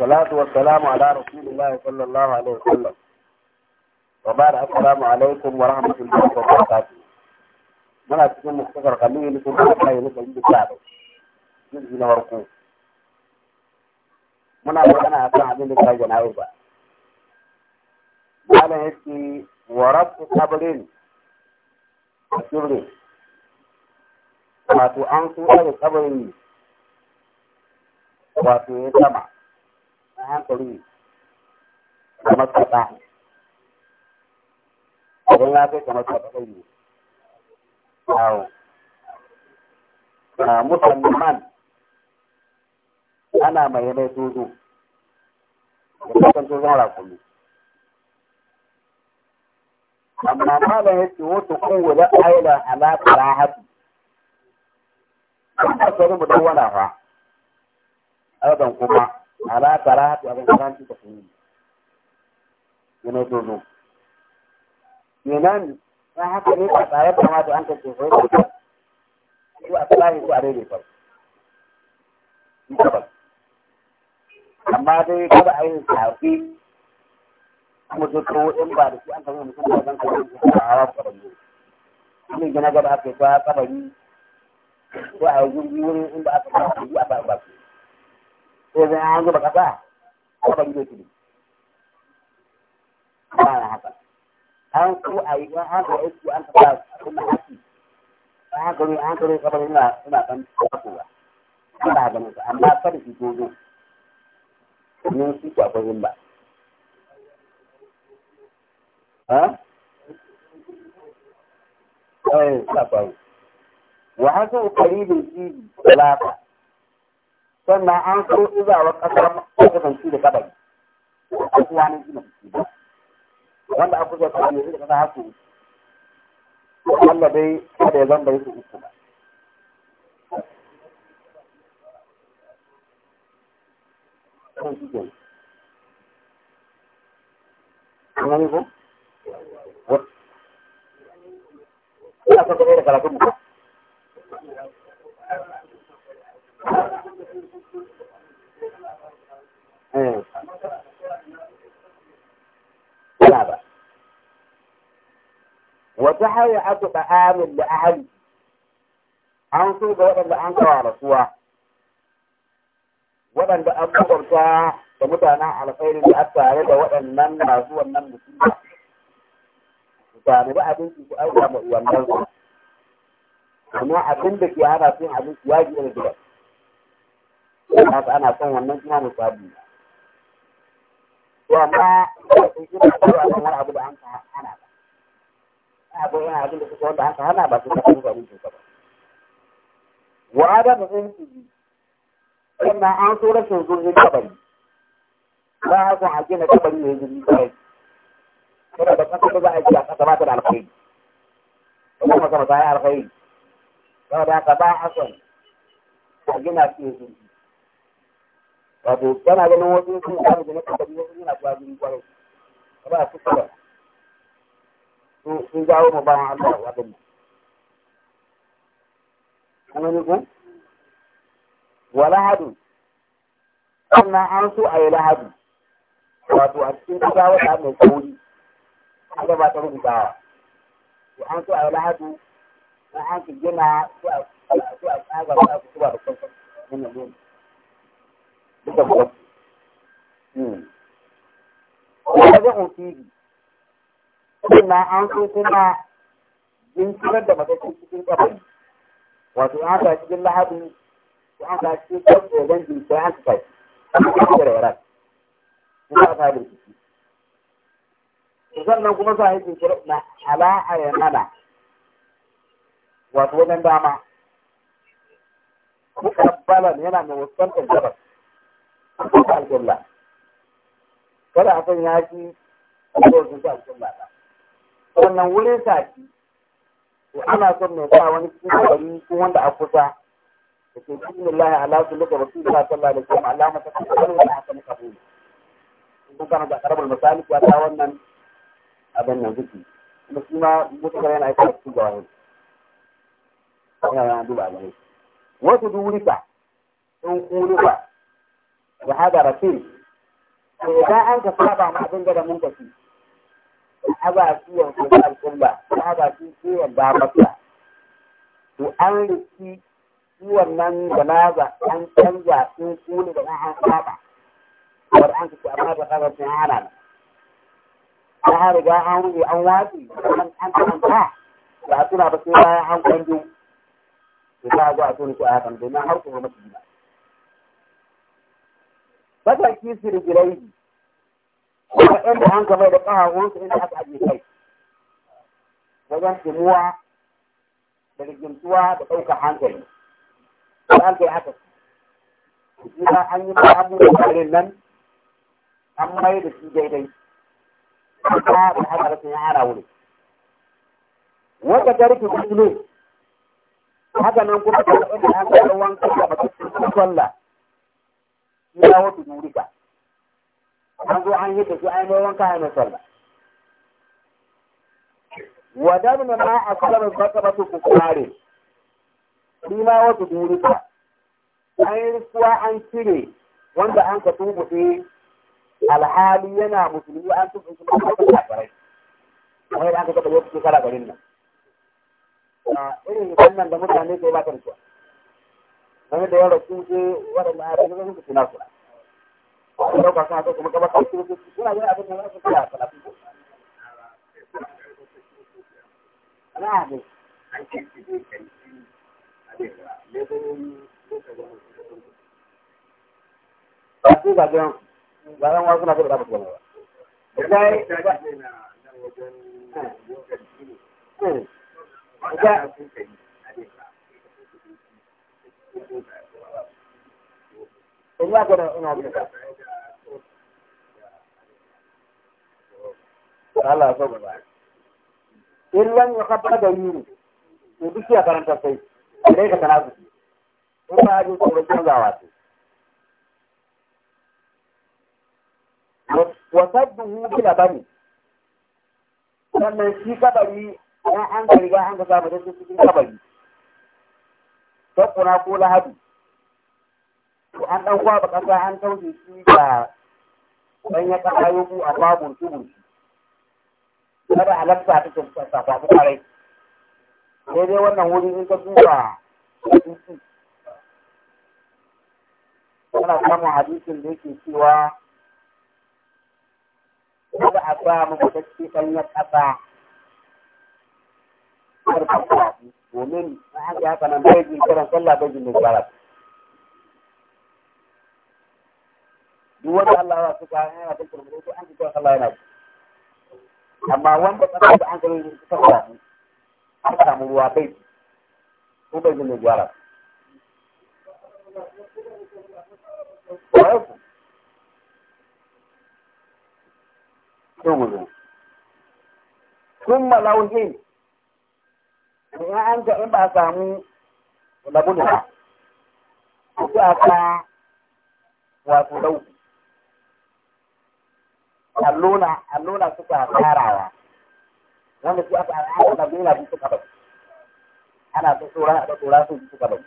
والصلاة والسلام على رسول الله صلى الله عليه وسلم وبعد السلام عليكم ورحمة الله وبركاته muna cikin muktasar kalli ne kuma da kai ne kalli da jirgi na muna magana a kan abin da ta gana ba malam yake wa rabu a asirri wato an so da wato ya sama na hankali kamar kaɗa abin ya na musamman ana mai da amma malam ya ce wata kowane aila ala karahatu kuma sauri dawana fa adan kuma ala karahatu abin karanci da kuma yana dodo kenan ta haka ne ba tsayar da mata an kace sai ta a tsari ko a daidai ba amma dai kada a yi safi kuma duk ko in ba da shi an kawo mutum da zan kawo a hawa ba ne gina gaba aka yi ta kabari ko a yi wurin inda aka kawo a ba ba sai zan an zuba kasa a ban gido kiri ba haka an ku a yi an haka aiki an kasa kuma haki an haka ne an kare kabar suna suna kan kasowa suna ganin su amma kada su dogo domin su ku akwai yin ba وحسن قريب الجيل ثلاثة sannan an so izawar ƙasar kusanci da a gina ba wanda kasa haku wanda dai kada ya zan bai su uku Ina son da karatun mu. Eh. Wata haya aka ba'amin da ahali, an so ga waɗanda an kawo rasuwa, waɗanda an bugarta da mutanen alkhairin da aka tare da waɗannan masu wannan musulma. Mutane ba abinci su aika ma uwannan su, amma abin da ke hana sun abinci ya ji irin gidan. haka ana son wannan kuma musabi to amma sun yi ba su wani wani abu da an ka hana ba abu yana abin da suka wanda an ka hana ba su ka kuma ba mutu ba wa adam sun yi sannan an so rashin zurfin kabari ba a son a gina kabari mai zurfi kawai kada ba kasa ba za a gina kasa ba ta da alkhairi kuma sama ta yi Ba da haka ba a son a gina su mai wato kana ganin wasu sun samu da na kabari wasu yana zuwa jini kwarai ba su sun jawo ma bayan Allah wa gani kuma ne ko wala hadu sannan an so a yi lahadu wato a cikin kusa wata mai kauri an gaba ta rubutawa to an so a yi na an su gina su a tsaga su suka buga wajen an so da magashin cikin wato an cikin lahabi ko an cikin an kuma ciki sannan kuma yi na ala wato dama yana mai wasan gabas akwai kada ya ji abubuwan da alƙulla ba wannan wurin ci. to ana son mai sa wani cikin ko wanda a kusa da ke cikin lillahi ala su luka rasulullah sallallahu alaihi wasallam alama ta kuma wani wani haka muka bude kun kana da karamar misali ya ta wannan abin nan zuki kuma shi ma mutukar yana aika cikin gawanin yana yana duba ganin wasu durika sun kulika wa hada rasul to idan an ka saba ma abin da mun kafi aba su yan ko al'umma aba su ciwon da masa to an riki ciwon nan da naza an canza sun kuli da an saba war an kace amma da kaga sun hana ta har riga an yi an watsi an an an ta ba tuna ba sai bayan an kwanjo to ta ga a tuni ko a kan domin har kuma masu gida baka kisir ilai waɗanda an gaba da wansu ina aka ajiye kai wajen timuwa da rigintuwa da ɗaukar hankali da ka yi haka shi ba an yi ma'amu da ƙarin nan an mai da shi daidai ba da haka da sun hana wuri wata garki kuma haka nan kuma da waɗanda an kai wanka da mutum sallah ya wasu durika an zo an yi tafi shi an yi wanka a mai sallah wadar ma a kalar bakaba su kukare shi ma wasu durika an yi rikuwa an cire wanda an ka tubuɗe alhali yana musulmi an tubuɗe shi ma aka kafarai kamar yadda an ka taɓa yau cikin kala garin nan irin wannan da mutane ke ba ta rikuwa game da yawan su je waɗanda a cikin suna wani kuma su su suna yin abin da za su kula a ne ba ne ba yin ba su ba gan da ya yi ina gwada ina bin ka Allah ba in da yuru to duk ya karanta sai sai ka kana su in ba ji tsoron canzawa ce wa sadduhu bila bani sannan shi kabari an an riga an ga zama da cikin kabari ta ko lahadi an ɗan kwaba ƙasa an tauje shi da ya ƙasa ku a kwabun tubun kada halatta ta ta safafi ƙarai sai dai wannan wuri in ka duba a hadisi kana samun hadisin da yake cewa kada a sa muku ɗan ɗanyar ƙasa domin na haka haka nan bai jin kiran sallah bai jin da duk wanda Allah ya su kayan yana da an ji Allah yana su amma wanda da an ta an ruwa bai ko bai an ga in ba samu aka wato dauku alluna alluna suka farawa wanda su aka al'ada da nuna su suka bari ana ta tsoron da tsoron su suka bari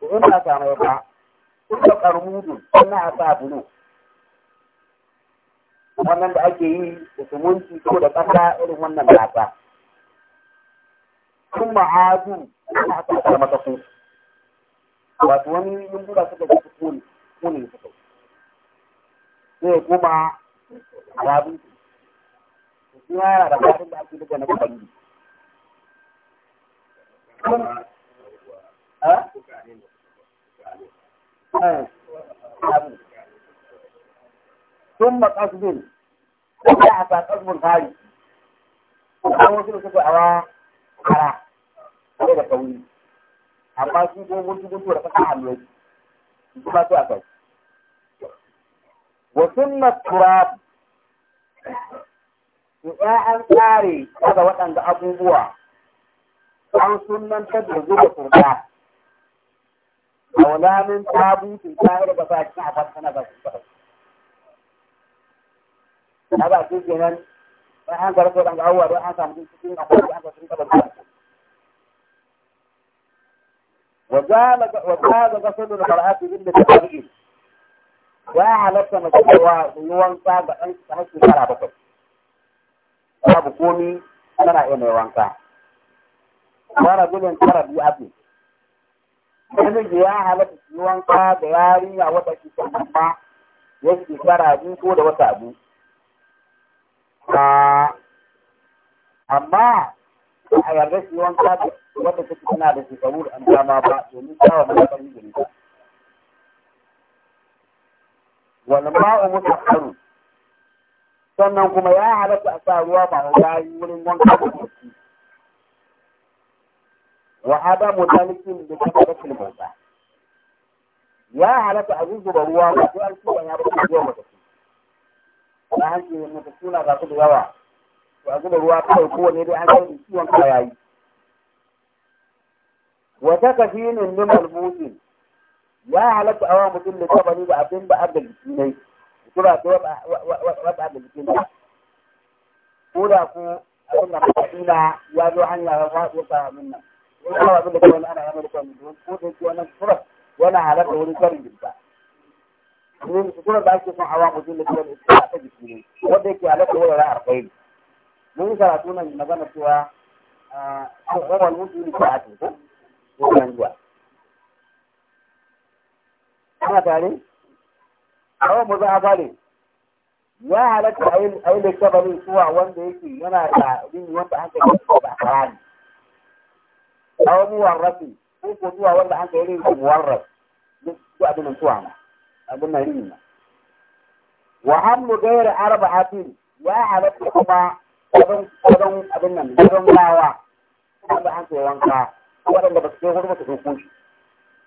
to in ba ta mai ba in da karmudu ina a sa bulu wannan da ake yi da sumunci ko da kasa irin wannan gasa kun ma'adu ina a sa karmata su wato wani yumbura suka ji su kone kone suka yi sai eh? kuma a rabu su suna yara da rabu da ake duka na kwanji sun makasu bin kuma a sakas mun fari kuma an wasu da suka awa kara kare da kauri amma sun kuma mutu mutu da kasa hannu kuma su a kai وسنة تراب يقاعد تاري هذا وطن ده أبو بوا أو سنة تدرزوك تربا أو من تابو تنتاير بفاكي عفاد سنة بس هذا كيف جنن فهان قرأت وطن ده أول وحان سامدين سكين أخوة وحان سامدين سكين أخوة وجاء وجاء رسول الله صلى الله عليه وسلم ya halatta na cewa ruwan tsa ga ɗan har shekara bakwai babu komi tana iya mai wanka wara gudun tara biyu abu namiji ya halatta su yi wanka ga yarinya wata shekara amma ya shekara biyu ko da wata abu amma a yarda su yi wanka da wata take tana da shekaru da an dama ba domin kawo mai yi da nisa walma'u mutahharu sannan kuma ya halatta a sa ruwa ba da yayi wurin wanka da jiki wa adamu talikin da da kafaratul ba. ya halatta a zuzuba ruwa ba sai an tuba ya bata zuwa mata na hanci mata suna ga su da yawa to a zuba ruwa kawai kowane dai an san ciwon kayayi yayi wa takafinin min malbusin ya halatta a wa mutum da bari da abin da abin jiki ne tura ta wata abin jiki ne ko da ku abin da kabila ya zo hanya ya faɗo ka abin nan ko kuma abin da kawai ana yamar kwan da ko da ke wannan tura wani halatta wani karin jirga ne tura da ake son a wa mutum da kabari ta jiki ne wanda yake halatta wani ra'ar kai mun yi karatu nan magana cewa a ah, kan umar mutum da ta a teku ko kan zuwa ana tare kawai mu za a fare ya halatta a yi lekabarin suwa wanda yake yana da yin wanda an kai yasa da harami kawai mu warrafi ko ko suwa wanda an kai yin warrafi duk abin nan suwa ma abin nan rin wa hamlu gairi arba'atin ya halatta kuma wajen abin nan wajen gawa wanda an kai wanka waɗanda ba su kai hudu ba su kai kunshi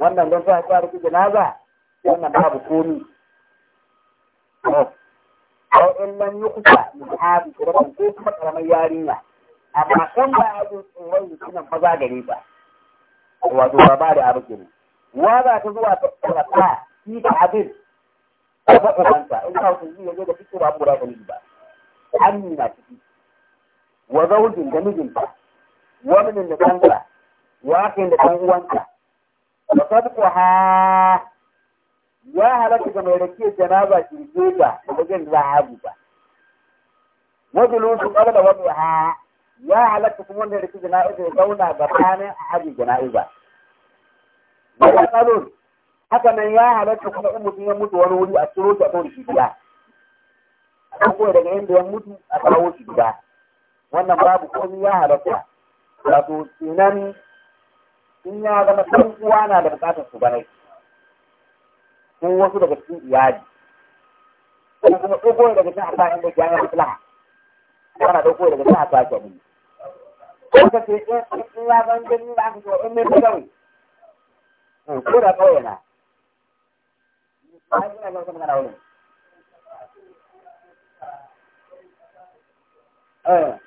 wannan don sa ta na janaza wannan babu komi ko in man yuqta min hadu rabban ko kuma karamar yarinya amma in ba a jin tsoron kinan fa za gare ba wato ba ba da abu kenan wa za ta zuwa ta tsarata shi ta abin ta faɗa kanta in ka wuce zai zo da fito ba mu da gani ba hannu na ciki wa zaujin da mijinta wa minin da kanta wa akin da ɗan uwanta wa sadquha ya halatta ga mai rake janaba kirje ta da ya halatta kuma zauna gabanin a hajji jana'iza wa ya halatta kuma in mutum ya mutu wani wuri a daga inda mutu a gida wannan babu kuma ya halatta wato in ya zama ɗan uwa na da bukatar su bane ko wasu daga cikin iyali ko kuma ɗauko daga cikin asa inda ke yana maslaha ana ɗauko daga cikin asa ke mun ko ka ce eh, eh, in ya zan gani da aka ce in ne mai kawai hmm, ko da kawai na ba ina ga kuma na wurin eh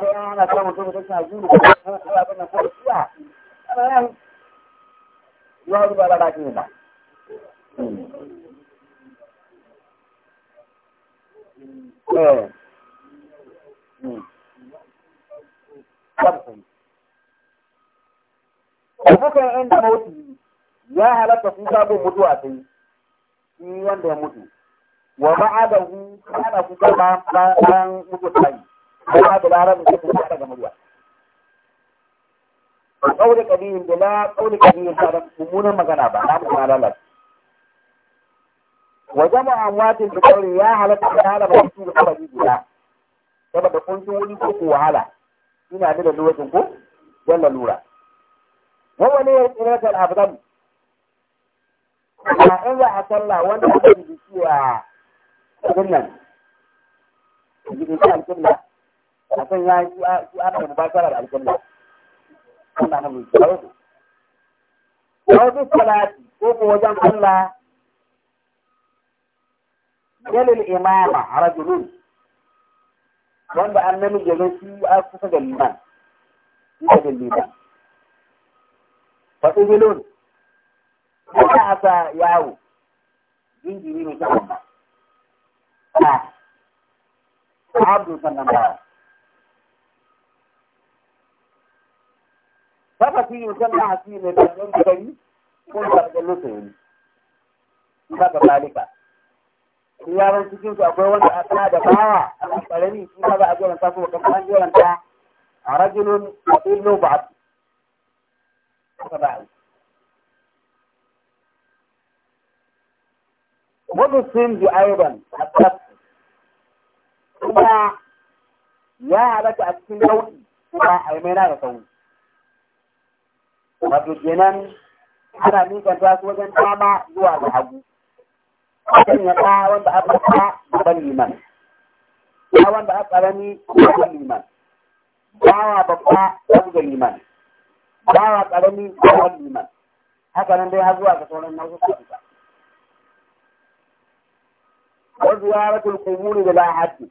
kaga yan ana samun zuwa da ya da baki ne mawuti ya halatta su sabon mutuwa sai, wanda ya mutu, wa ba'adahu kana su gaba mutu tayi. ولا بالعرب يكون حتى جمهورية قول قبيل بلا قول قبيل كان ممونا مغنى بنا على لك وجمع أموات بقول يا هل تعالى ما يكون قبل بلا كما تكون تولي كوكو على هنا عندنا لغة كوكو جل لورا هو ليه إنك الأفضل amma in za a sallah wanda aka yi cewa wannan jikin alƙibla a san ya yi ana da mubashara da alƙalla Allah na mulki rawu rawu salati ko ko wajen Allah yalil imama rajulun wanda an namiji ne shi a kusa da liman kusa da liman fasu bilun a sa yawo jinjiri ne ta amma abdu sannan ba Saka shi yin san na ne da nan da gari kun da da yi. Saka balika. Shi yaran cikin su akwai wanda a tana da bawa a kan karami shi ma ba a jiran ta kuma kan an jiran ta a rajulun a ilmu ba a saka ba Wadu sun ji aiban a tsaf. Kuma ya halatta a cikin nau'i kuma a yi mai na da sauri. wato kenan ana ta su wajen dama zuwa ga hagu akan ya ta wanda aka ta babban liman ɗa wanda aka karami babban liman bawa babba babban ga liman bawa karami babban liman haka nan dai har zuwa ga sauran nau'ukan sa wa ratul quburi da haddi